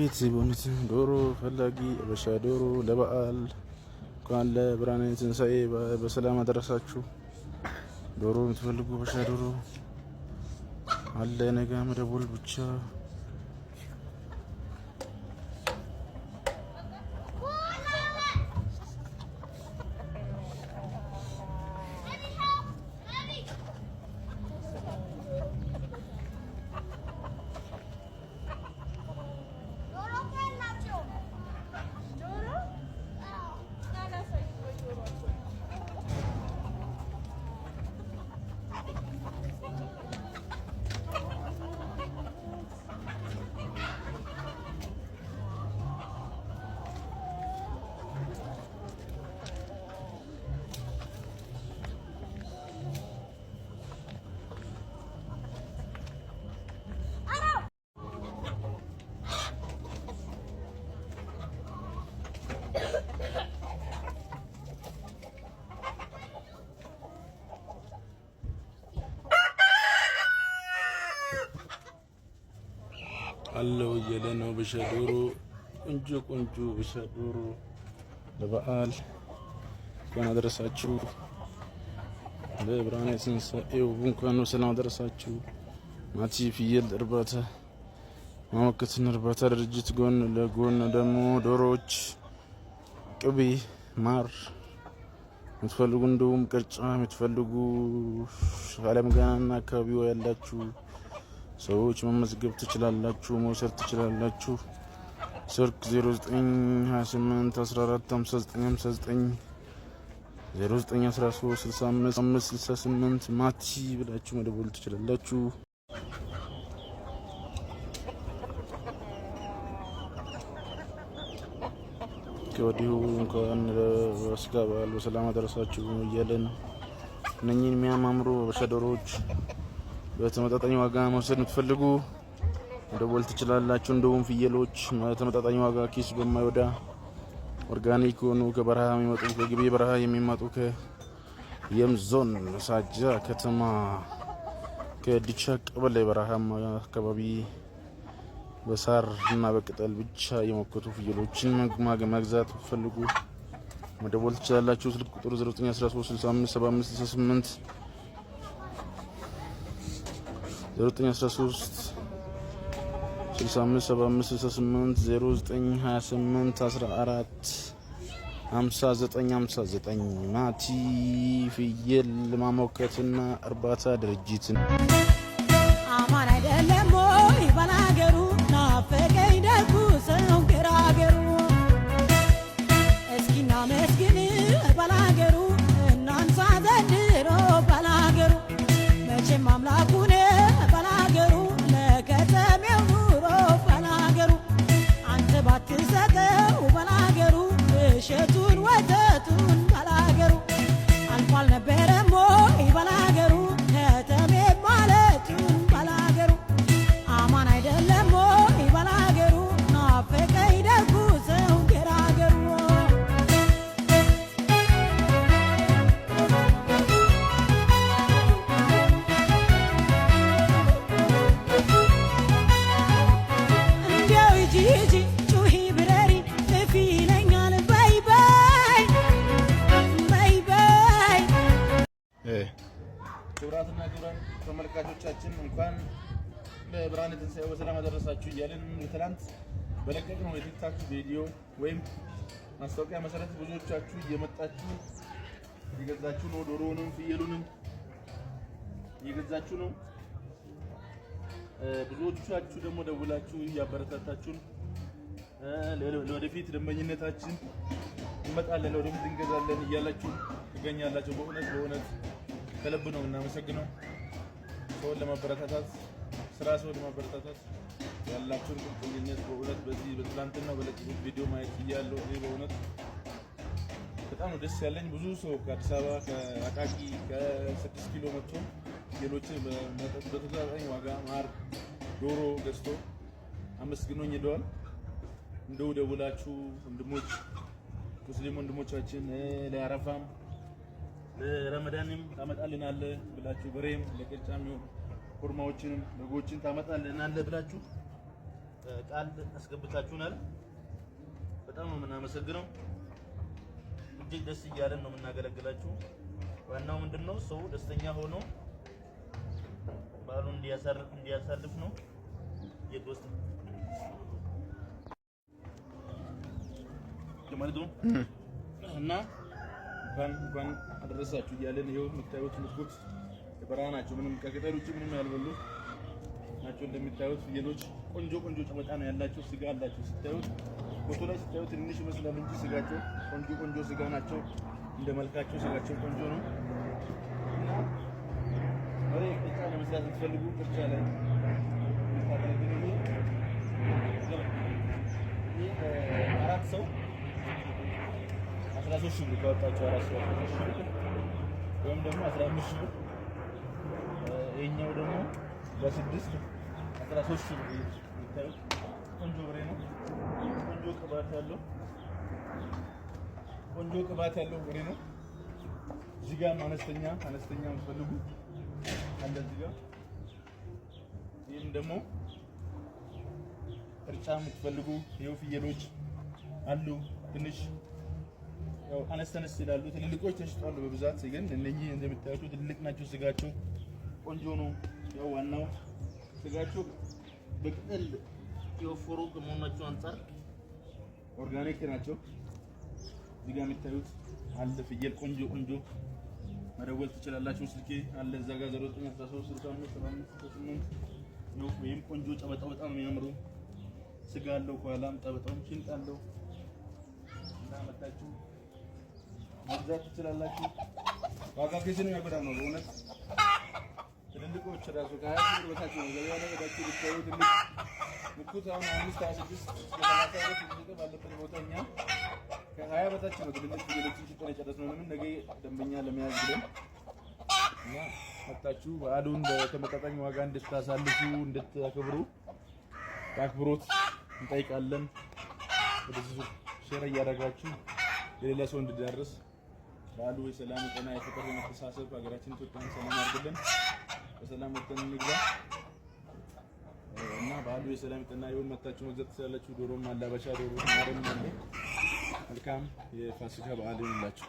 ቤት በእውነት ዶሮ ፈላጊ አበሻ ዶሮ ለበዓል እንኳን ለብርሃነ ትንሣኤ በሰላም አደረሳችሁ። ዶሮ የምትፈልጉ አበሻ ዶሮ አለ። ነገ መደወል ብቻ አለው እየለ ነው ብሸ ዶሮ ቆንጆ ቆንጆ ብሸ ዶሮ ለበዓል እንኳን አደረሳችሁ። ለብርሃነ ትንሳኤው እንኳን ነው ሰላም አደረሳችሁ። ማቲ ፍየል እርባታ ማመከትን እርባታ ድርጅት ጎን ለጎን ደግሞ ዶሮዎች፣ ቅቤ፣ ማር የምትፈልጉ እንዲሁም ቅርጫ የምትፈልጉ አለም ገናና አካባቢው ያላችሁ ሰዎች መመዝገብ ትችላላችሁ፣ መውሰድ ትችላላችሁ። ስልክ 0928145959 ማቲ ብላችሁ መደወል ትችላላችሁ። ከወዲሁ እንኳን ለፋሲካ በዓል በሰላም አደረሳችሁ እያለን እነኚህን የሚያማምሩ አበሻ ዶሮዎች በተመጣጣኝ ዋጋ መውሰድ የምትፈልጉ መደወል ትችላላችሁ። እንደውም ፍየሎች በተመጣጣኝ ዋጋ ኪስ በማይወዳ ኦርጋኒክ የሆኑ ከበረሃ የሚመጡ ከግቢ በረሃ የሚመጡ ከየም ዞን ሳጃ ከተማ ከዲቻ ቀበሌ በረሃማ አካባቢ በሳር እና በቅጠል ብቻ የሞከቱ ፍየሎችን መግዛት ፈልጉ መደወል ትችላላችሁ። ስልክ ቁጥር 0913657568 0913 65 75 68 09 28 14 5959 ናቲ ፍየል ማሞከትና እርባታ ድርጅት አማን አይደለም። ክቡራትና ክቡራን ተመልካቾቻችን እንኳን ለብርሃነ ትንሣኤ በሰላም አደረሳችሁ እያለን የትናንት በለቀቅነው የቲክታክ ቪዲዮ ወይም ማስታወቂያ መሰረት ብዙዎቻችሁ እየመጣችሁ እየገዛችሁ ነው። ዶሮውንም ፍየሉንም እየገዛችሁ ነው። ብዙዎቻችሁ ደግሞ ደውላችሁ እያበረታታችሁን ለወደፊት ደንበኝነታችን እንመጣለን፣ ወደፊት እንገዛለን እያላችሁ ትገኛላችሁ። በእውነት በእውነት ከልብ ነው እናመሰግነው። ሰውን ለማበረታታት ስራ ሰውን ለማበረታታት ያላችሁን ቁርጠኝነት በእውነት በዚህ በትላንትና በለቀቁት ቪዲዮ ማየት እያለው እኔ በእውነት በጣም ደስ ያለኝ ብዙ ሰው ከአዲስ አበባ ከአቃቂ ከስድስት ኪሎ መጥቶ ሌሎች በተመጣጣኝ ዋጋ ማር፣ ዶሮ ገዝቶ አመስግኖኝ ሄደዋል። እንደው ደውላችሁ ወንድሞች ሙስሊም ወንድሞቻችን ለአረፋም ለረመዳንም ታመጣልናለ ብላችሁ በሬም ለቅርጫም ይሁን ኩርማዎችንም በጎችን ታመጣልናለ ብላችሁ ቃል አስገብታችሁናል። በጣም ነው የምናመሰግነው። እጅግ ደስ እያለን ነው የምናገለግላችሁ። ዋናው ምንድነው ሰው ደስተኛ ሆኖ በዓሉን እንዲያሳልፍ ነው። እየተወሰደ ማለት ነው እና እንኳን እንኳን አደረሳችሁ እያለን ይኸው የምታዩት ምትኩት የበረሃ ናቸው። ምንም ከቅጠል ውጭ ምንም ያልበሉ ናቸው። እንደሚታዩት ፍየሎች ቆንጆ ቆንጆ ጨበጣ ነው ያላቸው፣ ስጋ አላቸው። ስታዩት ፎቶ ላይ ስታዩት ትንሽ ይመስላል እንጂ ስጋቸው ቆንጆ ቆንጆ ስጋ ናቸው። እንደ መልካቸው ስጋቸው ቆንጆ ነው። እና ቅርጫ ለመስራት የምትፈልጉ ቅርጫ ላይ አምስት ሺህ ብር ካወጣችሁ አራት ብር ወይም ደግሞ አስራ አምስት ሺህ ብር ይሄኛው ደግሞ በስድስት አስራ ሦስት ሺህ ብር ቆንጆ ብሬ ነው። ቆንጆ ቅባት ያለው ቆንጆ ቅባት ያለው ብሬ ነው። እዚህ ጋር አነስተኛ አነስተኛ የምትፈልጉ አለ እዚህ ጋር። ይህም ደግሞ እርጫ የምትፈልጉ ይኸው ፍየሎች አሉ ትንሽ አነስ ተነስ ይላሉ። ትልልቆች ተሽጧሉ በብዛት ግን እነኚህ እንደምታዩት ትልልቅ ናቸው። ስጋቸው ቆንጆ ነው። ያው ዋናው ስጋቸው በቅጠል የወፈሩ ከመሆናቸው አንጻር ኦርጋኒክ ናቸው። እዚህ ጋር የምታዩት አለ ፍየል ቆንጆ ቆንጆ። መደወል ትችላላችሁ። ስልኬ አለ እዛ ጋር 0913657568 ነው። ወይም ቆንጆ ጨበጣው በጣም የሚያምሩ ስጋ አለው። ከኋላም ጨበጣውም ሽንጥ አለው እና መታችሁ መግዛት ትችላላችሁ። ዋጋ ኬስን የሚያጎዳ ነው በእውነት ትልልቆች ራሱ ከሀያ በታች ነው ገበያ ላይ ሄዳችሁ ትልልቅ ፊደሎችን ሽጠን የጨረስነው ለምን ነገ ደንበኛ ለመያዝ ብለን እና መጣችሁ በዓሉን በተመጣጣኝ ዋጋ እንድታሳልፉ እንድታከብሩ በአክብሮት እንጠይቃለን። ወደዚህ ሼር እያደረጋችሁ የሌላ ሰው እንድዳርስ በዓሉ የሰላም የጤና የፍቅር የመተሳሰብ ሀገራችን ኢትዮጵያን ሰላም ያድርግልን። በሰላም ወጥተን እንግባ እና በዓሉ የሰላም የጤና ይሁን። መታችሁ መግዛት ትችላላችሁ። ዶሮም አለ፣ ዶሮ ማረም አለ። መልካም የፋሲካ በዓል ይሁንላችሁ።